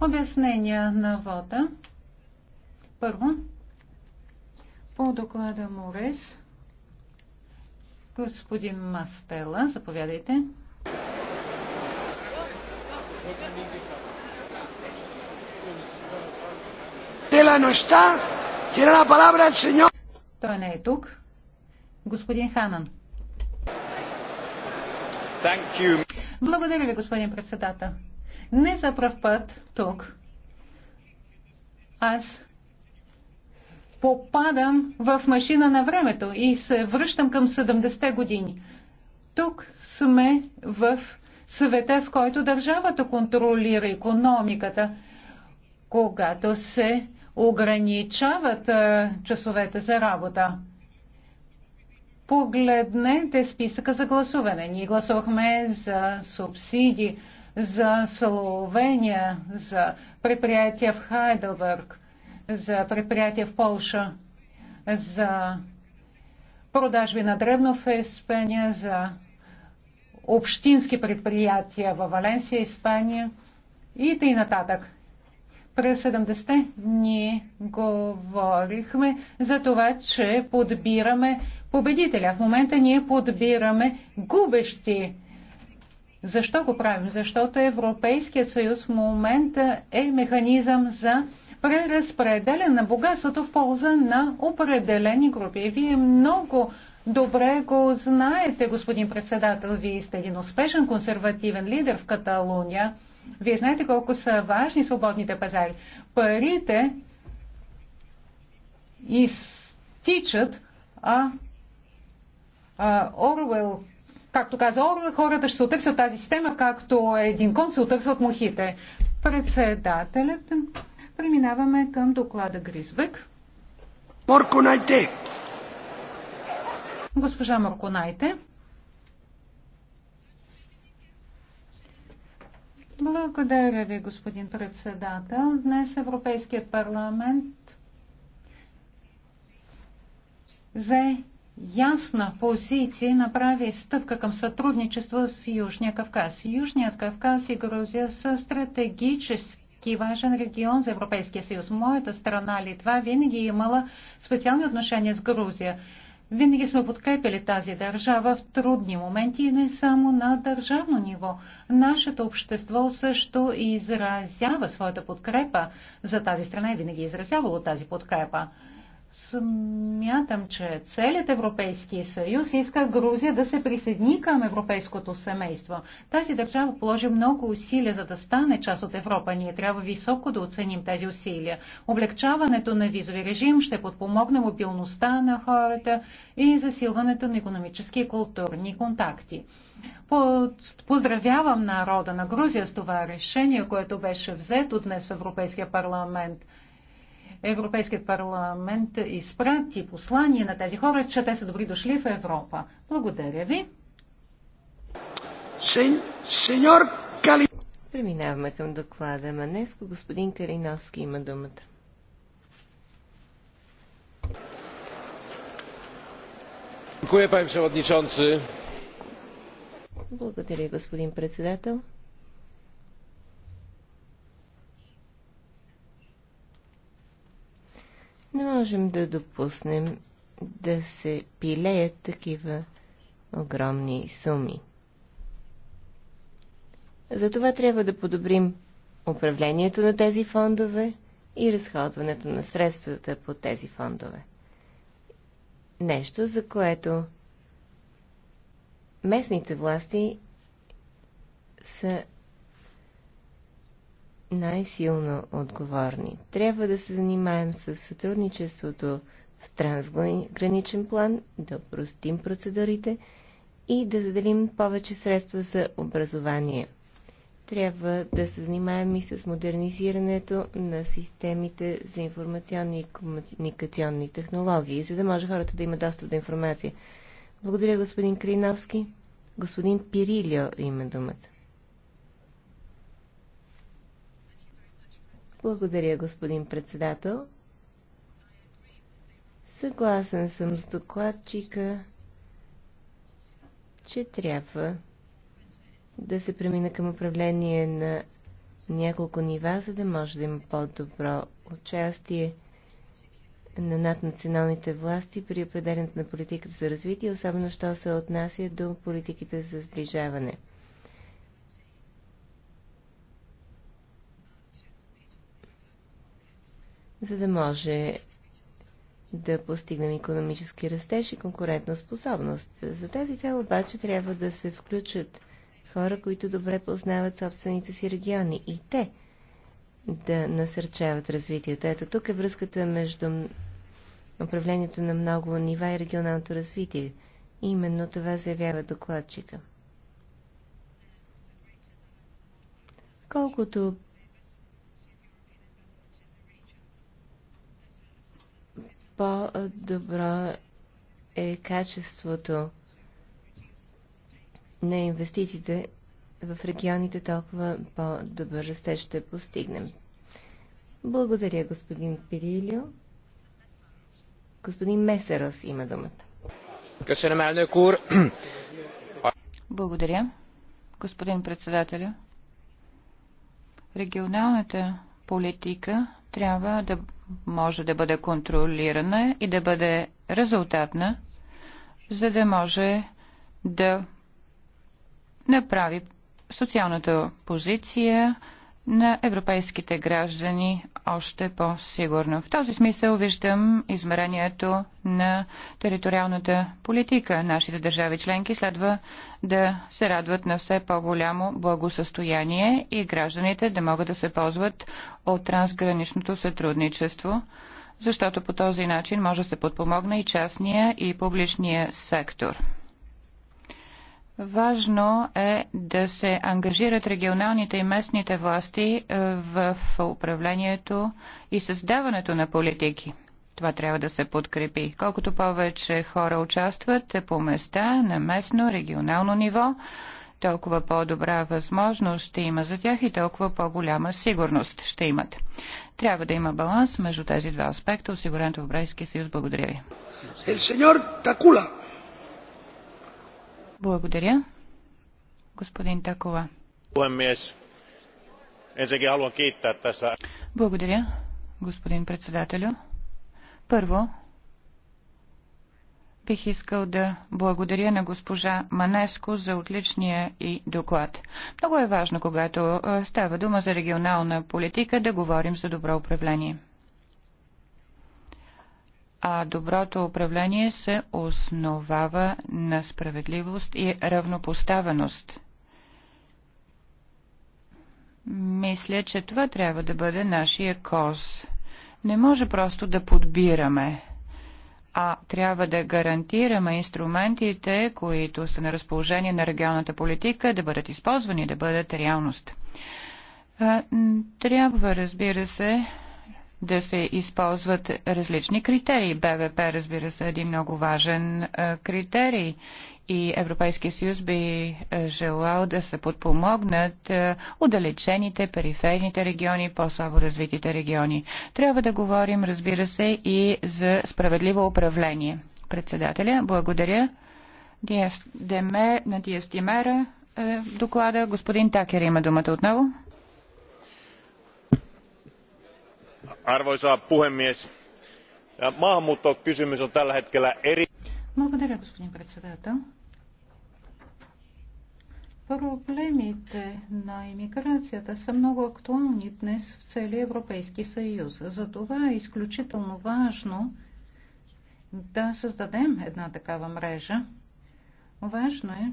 Обяснения на вода. Първо, по доклада Морес, господин Мастела, заповядайте. Тела no está. Tiene на палабра, сеньор. Той не е тук. Господин Ханан. Thank you. Благодаря ви, господин председател. Не за пръв път тук аз попадам в машина на времето и се връщам към 70-те години. Тук сме в света, в който държавата контролира економиката, когато се ограничават часовете за работа погледнете списъка за гласуване. Ние гласувахме за субсидии, за Словения, за предприятия в Хайделбърг, за предприятия в Польша, за продажби на древно в Испания, за общински предприятия във Валенсия, Испания и т.н. нататък. През 70-те ние говорихме за това, че подбираме победителя. В момента ние подбираме губещи. Защо го правим? Защото Европейският съюз в момента е механизъм за преразпределен на богатството в полза на определени групи. И Вие много добре го знаете, господин председател. Вие сте един успешен консервативен лидер в Каталуния. Вие знаете колко са важни свободните пазари. Парите изтичат, а Орвел, както каза Орвел, хората ще се отърсят от тази система, както един кон се отърсва от мухите. Председателят, преминаваме към доклада Гризбек. Морконайте! Госпожа Морконайте. Благодаря ви, господин председател. Днес Европейският парламент взе ясна позиция направи стъпка към сътрудничество с Южния Кавказ. Южният Кавказ и Грузия са стратегически важен регион за Европейския съюз. Моята страна Литва винаги е имала специални отношения с Грузия. Винаги сме подкрепили тази държава в трудни моменти и не само на държавно ниво. Нашето общество също изразява своята подкрепа за тази страна и винаги е изразявало тази подкрепа. Смятам, че целият Европейски съюз иска Грузия да се присъедини към европейското семейство. Тази държава положи много усилия, за да стане част от Европа. Ние трябва високо да оценим тези усилия. Облегчаването на визови режим ще подпомогне мобилността на хората и засилването на економически и културни контакти. Поздравявам народа на Грузия с това решение, което беше взето днес в Европейския парламент – Европейският парламент изпрати послание на тези хора, че те са добри дошли в Европа. Благодаря ви. Сеньор Кали... Преминаваме към доклада Манеско. Господин Калиновски има думата. Благодаря, господин председател. Не можем да допуснем да се пилеят такива огромни суми. Затова трябва да подобрим управлението на тези фондове и разходването на средствата по тези фондове. Нещо, за което местните власти са най-силно отговорни. Трябва да се занимаем с сътрудничеството в трансграничен план, да простим процедурите и да заделим повече средства за образование. Трябва да се занимаем и с модернизирането на системите за информационни и комуникационни технологии, за да може хората да имат достъп до информация. Благодаря, господин Криновски. Господин Пирилио има думата. Благодаря, господин председател. Съгласен съм с докладчика, че трябва да се премина към управление на няколко нива, за да може да има по-добро участие на наднационалните власти при определенето на политиката за развитие, особено що се отнася до политиките за сближаване – за да може да постигнем економически растеж и конкурентна способност. За тази цел обаче трябва да се включат хора, които добре познават собствените си региони и те да насърчават развитието. Ето тук е връзката между управлението на много нива и регионалното развитие. Именно това заявява докладчика. Колкото по-добро е качеството на инвестициите в регионите, толкова по-добър растеж ще постигнем. Благодаря, господин Пирилио. Господин Месерос има думата. Благодаря, господин председателя, Регионалната политика трябва да може да бъде контролирана и да бъде резултатна, за да може да направи социалната позиция на европейските граждани още по-сигурно. В този смисъл виждам измерението на териториалната политика. Нашите държави членки следва да се радват на все по-голямо благосъстояние и гражданите да могат да се ползват от трансграничното сътрудничество, защото по този начин може да се подпомогне и частния и публичния сектор. Важно е да се ангажират регионалните и местните власти е, в управлението и създаването на политики. Това трябва да се подкрепи. Колкото повече хора участват по места, на местно, регионално ниво, толкова по-добра възможност ще има за тях и толкова по-голяма сигурност ще имат. Трябва да има баланс между тези два аспекта, осигурен в Европейския съюз. Благодаря ви. Благодаря. Господин Такова. Благодаря, господин председателю. Първо, бих искал да благодаря на госпожа Манеско за отличния и доклад. Много е важно, когато става дума за регионална политика, да говорим за добро управление а доброто управление се основава на справедливост и равнопоставеност. Мисля, че това трябва да бъде нашия коз. Не може просто да подбираме, а трябва да гарантираме инструментите, които са на разположение на регионната политика, да бъдат използвани, да бъдат реалност. Трябва, разбира се, да се използват различни критерии. БВП, разбира се, е един много важен е, критерий и Европейския съюз би е, желал да се подпомогнат е, удалечените, периферните региони, по-слабо развитите региони. Трябва да говорим, разбира се, и за справедливо управление. Председателя, благодаря. Диас, деме, на Диастимера е, доклада. Господин Такер има думата отново. arvoisa puhemies maahanmuuttokysymys on tällä hetkellä eri. Благодаря, господин председател. Проблемите на иммиграцията са много актуални днес в целия Европейски съюз. Затова е изключително важно да създадем една такава мрежа. Важно е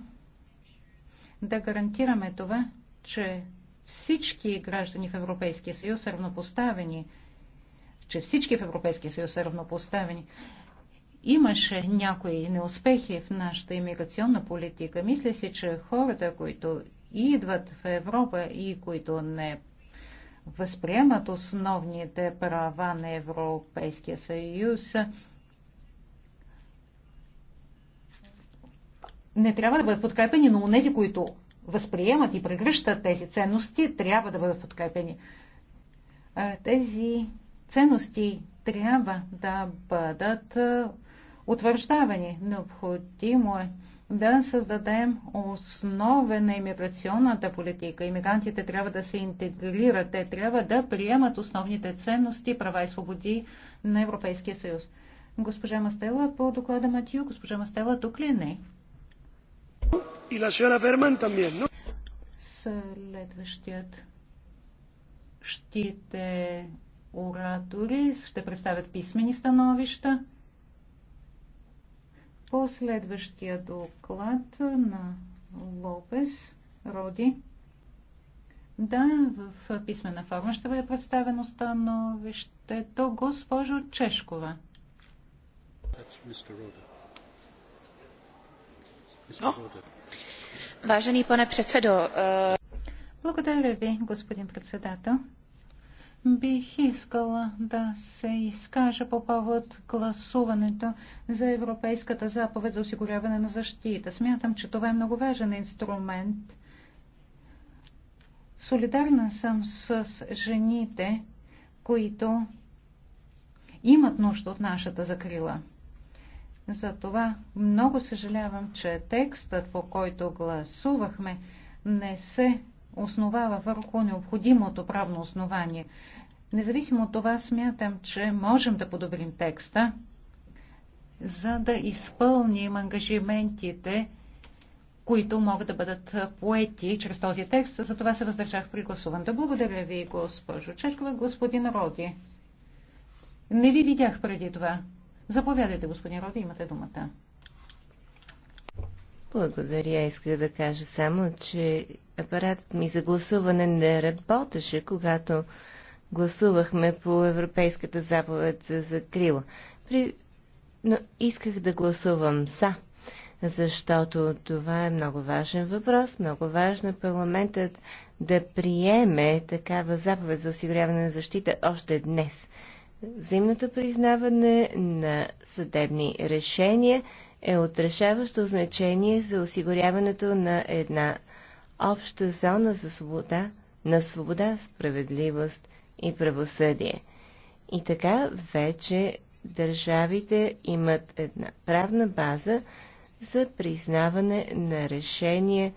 да гарантираме това, че всички граждани в Европейския съюз са равнопоставени, че всички в Европейския съюз са равнопоставени. Имаше някои неуспехи в нашата иммиграционна политика. Мисля си, че хората, които идват в Европа и които не възприемат основните права на Европейския съюз, не трябва да бъдат подкрепени, но тези, които възприемат и прегръщат тези ценности, трябва да бъдат подкрепени. Тези ценности трябва да бъдат утвърждавани. Необходимо е да създадем основе на иммиграционната политика. Иммигрантите трябва да се интегрират, те трябва да приемат основните ценности, права и свободи на Европейския съюз. Госпожа Мастела по доклада Матио. Госпожа Мастела тук ли е? не? И на Ферман Следващият щите оратори ще представят писмени становища. По следващия доклад на Лопес Роди. Да, в писмена форма ще бъде представено становището госпожо Чешкова. That's Mr. Vážený pane председо. Eh, Благодаря ви, господин председател. Бих искала да се изкажа по повод гласуването за Европейската заповед за осигуряване на защита. Смятам, че това е много важен инструмент. Солидарна съм с жените, които имат нужда от нашата закрила. Затова много съжалявам, че текстът, по който гласувахме, не се основава върху необходимото правно основание. Независимо от това, смятам, че можем да подобрим текста, за да изпълним ангажиментите, които могат да бъдат поети чрез този текст. За това се въздържах при гласуването. Да благодаря ви, госпожо Чешкова, господин Роди. Не ви видях преди това. Заповядайте, господин Роди, имате думата. Благодаря. исках да кажа само, че апаратът ми за гласуване не работеше, когато гласувахме по Европейската заповед за закрила. При... Но исках да гласувам за, защото това е много важен въпрос. Много важно е парламентът да приеме такава заповед за осигуряване на защита още днес взаимното признаване на съдебни решения е от решаващо значение за осигуряването на една обща зона за свобода, на свобода, справедливост и правосъдие. И така вече държавите имат една правна база за признаване на решения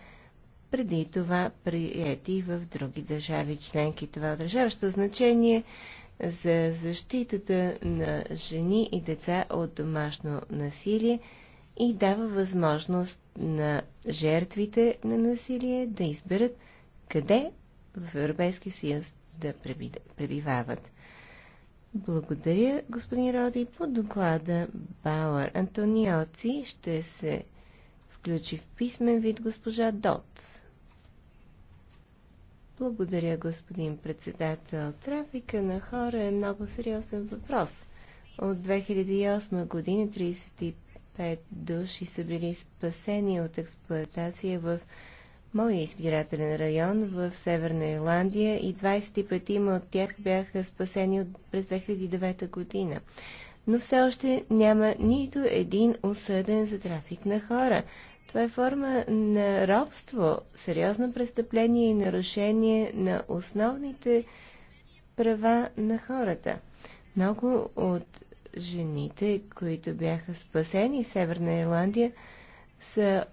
преди това приети в други държави членки. Това е отрешаващо значение значение за защитата на жени и деца от домашно насилие и дава възможност на жертвите на насилие да изберат къде в Европейския съюз да пребивават. Благодаря, господин Роди. По доклада Бауър Антониоци ще се включи в писмен вид госпожа Дотс. Благодаря, господин председател. Трафика на хора е много сериозен въпрос. От 2008 година 35 души са били спасени от експлоатация в моя избирателен район в Северна Ирландия и 25 от тях бяха спасени от през 2009 година но все още няма нито един осъден за трафик на хора. Това е форма на робство, сериозно престъпление и нарушение на основните права на хората. Много от жените, които бяха спасени в Северна Ирландия, са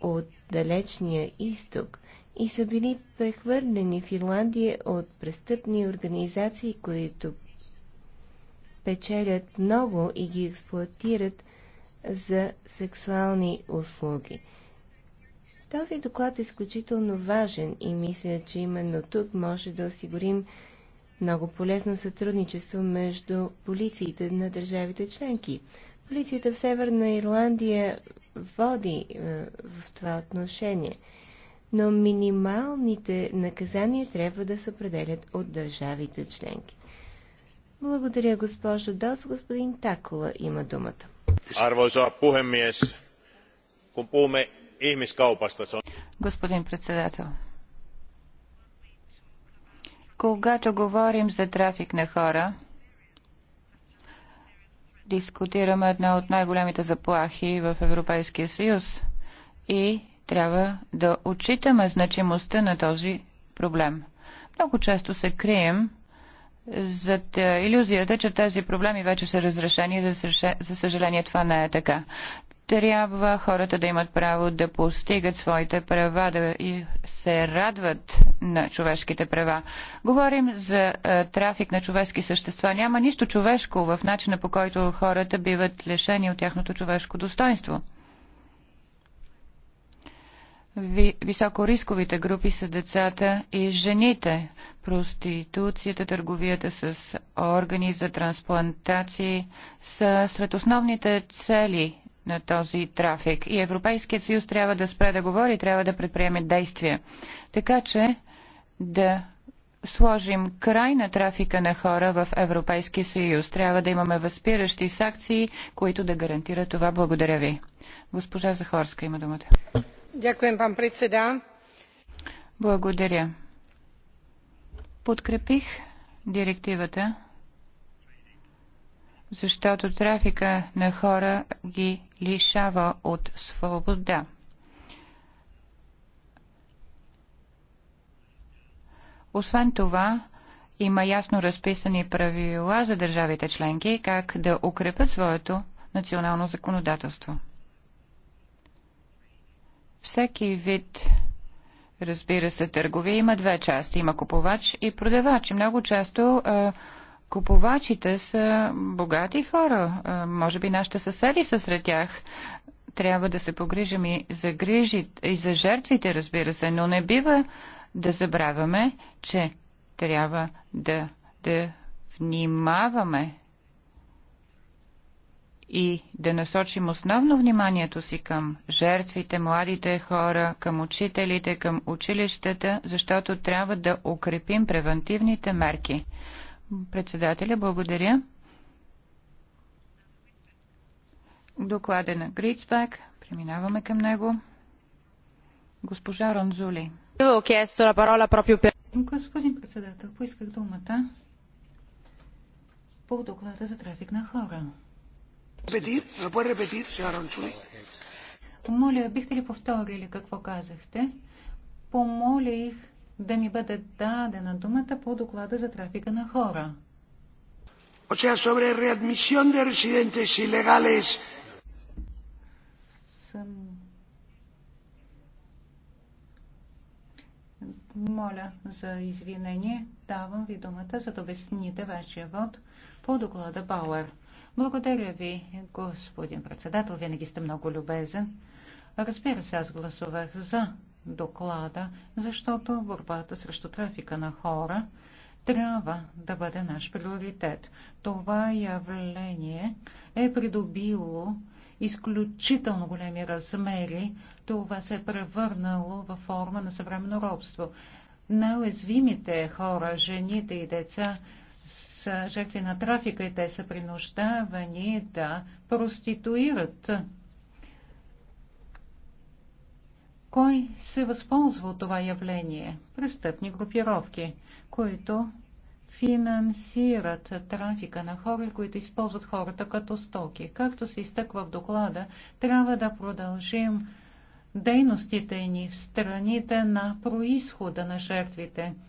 от далечния изток и са били прехвърлени в Ирландия от престъпни организации, които печелят много и ги експлуатират за сексуални услуги. Този доклад е изключително важен и мисля, че именно тук може да осигурим много полезно сътрудничество между полициите на държавите членки. Полицията в Северна Ирландия води е, в това отношение, но минималните наказания трябва да се определят от държавите членки. Благодаря, госпожо Дос. Господин Такола има думата. Arvoisa puhemies, kun puhumme ihmiskaupasta, se on... Господин председател, когато говорим за трафик на хора, дискутираме една от най-големите заплахи в Европейския съюз и трябва да отчитаме значимостта на този проблем. Много често се крием зад иллюзията, че тези проблеми вече са разрешени. За съжаление това не е така. Трябва хората да имат право да постигат своите права, да и се радват на човешките права. Говорим за е, трафик на човешки същества. Няма нищо човешко в начина по който хората биват лишени от тяхното човешко достоинство. Ви, високорисковите групи са децата и жените. Проституцията, търговията с органи за трансплантации са сред основните цели на този трафик. И Европейският съюз трябва да спре да говори, трябва да предприеме действия. Така че да сложим край на трафика на хора в Европейския съюз. Трябва да имаме възпиращи санкции, които да гарантират това. Благодаря ви. Госпожа Захорска има думата. Благодаря. Подкрепих директивата, защото трафика на хора ги лишава от свобода. Освен това, има ясно разписани правила за държавите членки как да укрепят своето национално законодателство. Всеки вид, разбира се, търговия има две части. Има купувач и продавач. И много често а, купувачите са богати хора. А, може би нашите съседи са сред тях трябва да се погрижим и за грижите, и за жертвите, разбира се, но не бива да забравяме, че трябва да, да внимаваме и да насочим основно вниманието си към жертвите, младите хора, към учителите, към училищата, защото трябва да укрепим превентивните мерки. Председателя, благодаря. Доклада на Грицбек. Преминаваме към него. Госпожа Ронзули. Господин председател, поисках думата по доклада за трафик на хора. Моля, бихте ли повторили какво казахте? Помолих да ми бъде дадена думата по доклада за трафика на хора. O sea, sobre readmisión de residentes ilegales. Съм... Моля за извинение. Давам ви думата, за да обясните вашия вод по доклада Бауер. Благодаря ви, господин председател. Винаги сте много любезен. Разбира се, аз гласувах за доклада, защото борбата срещу трафика на хора трябва да бъде наш приоритет. Това явление е придобило изключително големи размери. Това се е превърнало във форма на съвременно робство. Най-уязвимите хора, жените и деца, са жертви на трафика и те са принуждавани да проституират. Кой се възползва от това явление? Престъпни групировки, които финансират трафика на хора, които използват хората като стоки. Както се изтъква в доклада, трябва да продължим дейностите ни в страните на происхода на жертвите –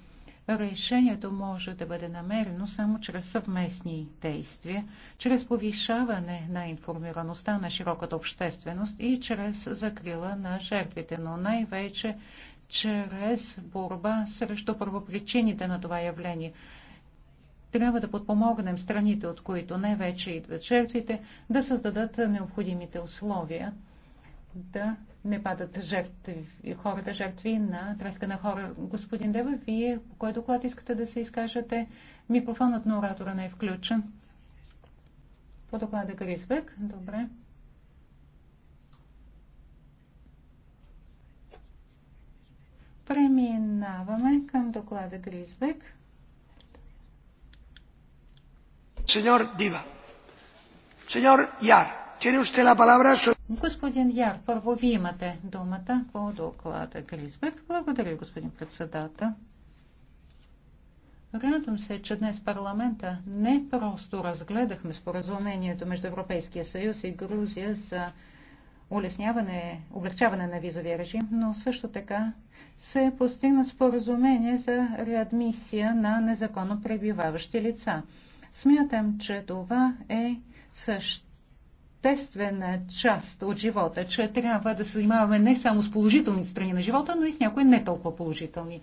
решението може да бъде намерено само чрез съвместни действия, чрез повишаване на информираността на широката общественост и чрез закрила на жертвите, но най-вече чрез борба срещу първопричините на това явление. Трябва да подпомогнем страните, от които най-вече идват жертвите, да създадат необходимите условия да не падат жертви, хората жертви на трафика на хора. Господин Дева, вие по кой доклад искате да се изкажете? Микрофонът на оратора не е включен. По доклада Грисбек. Добре. Преминаваме към доклада Грисбек. Сеньор Дива. Сеньор Яр, tiene usted на palabra. Господин Яр, първо ви имате думата по доклада Гризбек. Благодаря, господин председател. Радвам се, че днес парламента не просто разгледахме споразумението между Европейския съюз и Грузия за улесняване, облегчаване на визовия режим, но също така се постигна споразумение за реадмисия на незаконно пребиваващи лица. Смятам, че това е също естествена част от живота, че трябва да се занимаваме не само с положителни страни на живота, но и с някои не толкова положителни.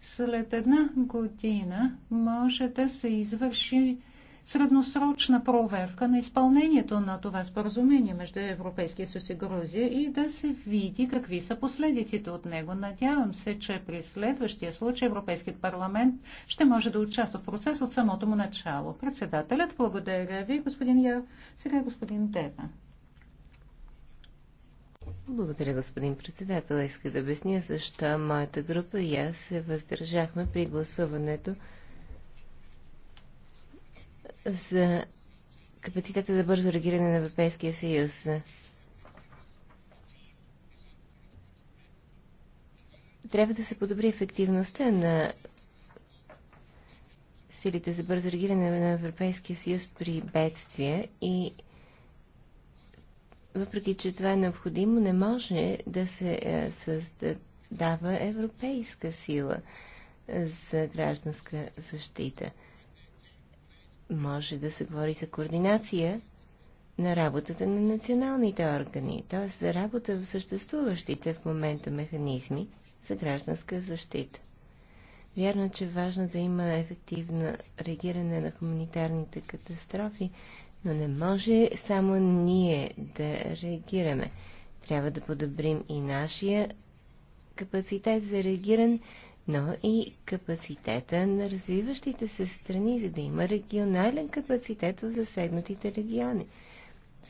След една година може да се извърши средносрочна проверка на изпълнението на това споразумение между Европейския съюз и Грузия и да се види какви са последиците от него. Надявам се, че при следващия случай Европейският парламент ще може да участва в процес от самото му начало. Председателят, благодаря ви, господин Я. Сега господин Дева. Благодаря, господин председател. Иска да обясня защо моята група и аз се въздържахме при гласуването за капацитета за бързо реагиране на Европейския съюз. Трябва да се подобри ефективността на силите за бързо реагиране на Европейския съюз при бедствия и въпреки, че това е необходимо, не може да се е, създава европейска сила за гражданска защита може да се говори за координация на работата на националните органи, т.е. за работа в съществуващите в момента механизми за гражданска защита. Вярно, че е важно да има ефективно реагиране на хуманитарните катастрофи, но не може само ние да реагираме. Трябва да подобрим и нашия капацитет за реагиране, но и капацитета на развиващите се страни, за да има регионален капацитет в засегнатите региони,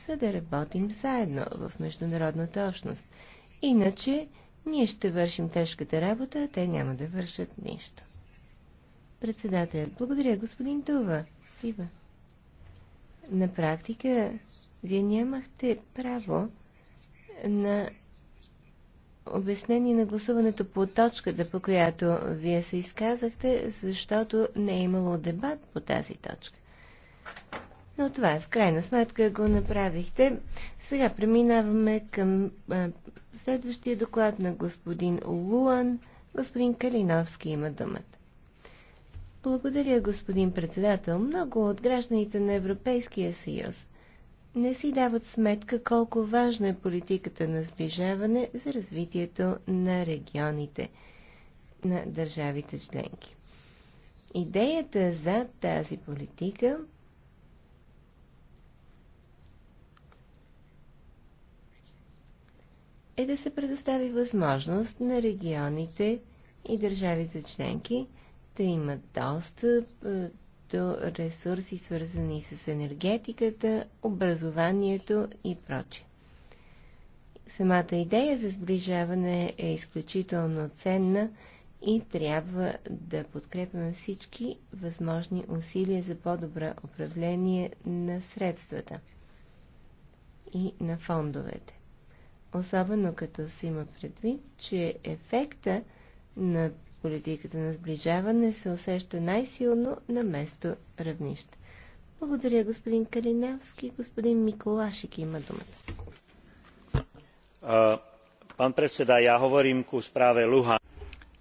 за да работим заедно в международната общност. Иначе ние ще вършим тежката работа, а те няма да вършат нищо. Председателят, благодаря господин Тува. Ива. На практика, вие нямахте право на обяснение на гласуването по точката, по която вие се изказахте, защото не е имало дебат по тази точка. Но това е в крайна сметка го направихте. Сега преминаваме към а, следващия доклад на господин Луан. Господин Калиновски има думата. Благодаря, господин председател. Много от гражданите на Европейския съюз не си дават сметка колко важна е политиката на сближаване за развитието на регионите на държавите членки. Идеята за тази политика е да се предостави възможност на регионите и държавите членки да имат достъп е, като ресурси, свързани с енергетиката, образованието и прочи. Самата идея за сближаване е изключително ценна и трябва да подкрепяме всички възможни усилия за по-добро управление на средствата и на фондовете. Особено като се има предвид, че ефекта на политиката на сближаване се усеща най-силно на место равнище. Благодаря, господин Калиневски, Господин Миколашик има думата. пан председа, я говорим ку справе Луха.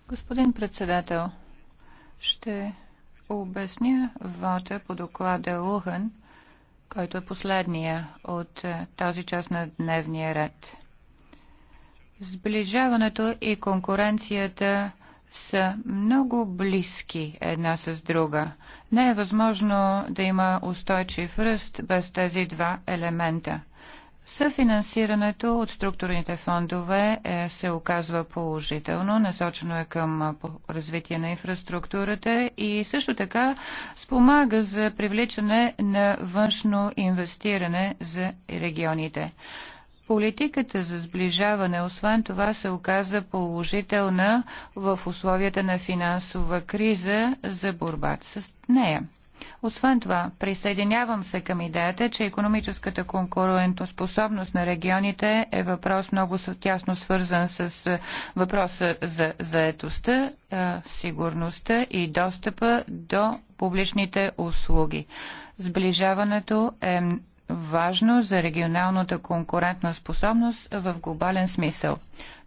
Господин председател, ще обясня вата по доклада Лухан, който е последния от е, тази част на дневния ред. Сближаването и конкуренцията са много близки една с друга. Не е възможно да има устойчив ръст без тези два елемента. Съфинансирането от структурните фондове е, се оказва положително, насочено е към развитие на инфраструктурата и също така спомага за привличане на външно инвестиране за регионите. Политиката за сближаване, освен това, се оказа положителна в условията на финансова криза за борбата с нея. Освен това, присъединявам се към идеята, че економическата конкурентоспособност на регионите е въпрос много тясно свързан с въпроса за заетостта, сигурността и достъпа до публичните услуги. Сближаването е важно за регионалната конкурентна способност в глобален смисъл.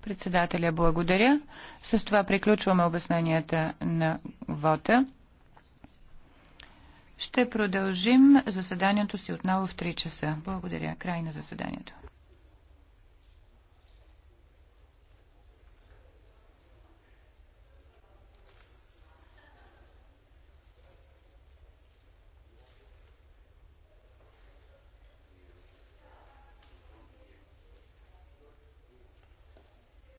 Председателя благодаря. С това приключваме обясненията на вота. Ще продължим заседанието си отново в 3 часа. Благодаря. Край на заседанието.